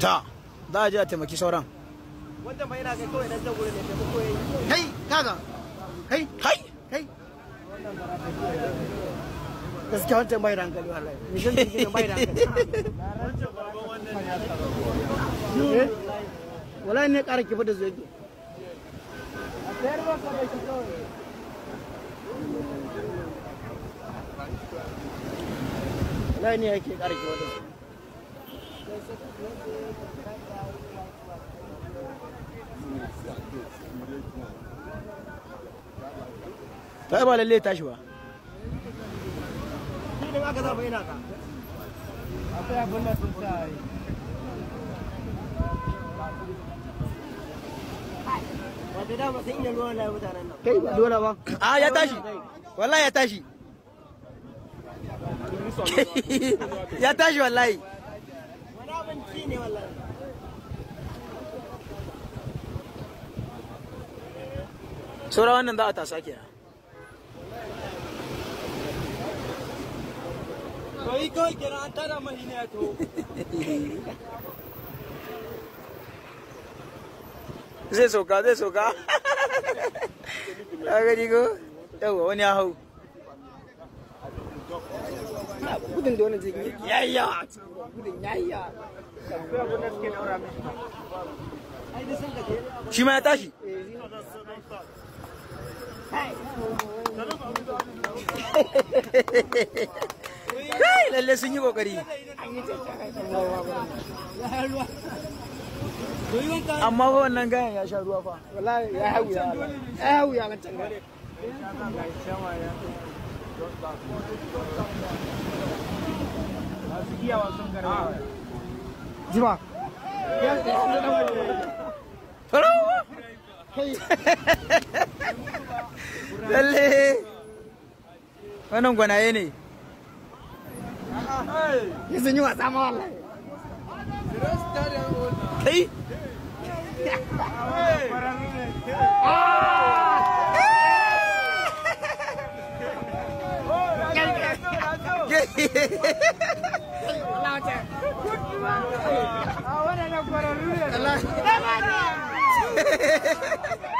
ta za a je a taimaki sauran wanda mai na kai kawai zan ne kai kaga kai kai kai gaskiya yake eh? ne ƙara kifa da zuwa a ne yake ƙara kifa ta ba lalle tashi ba aka ka akwai da sun a ah, ya tashi wallahi ya tashi tashi wallahi ne wannan za a tasa kenan kawai kawai an mahi ne to zai zai wani ya hau gudun da wannan jirgin ya yi yawa gudun ya yi yawa shi ma ya tashi kai lalle sun yi kokari amma fa wannan gayan ya sha ruwa fa wallahi ya ya Jiba. Lalle. Wannan gwanaye ne. yi wasa ma wallahi. Kai. Ah! Allah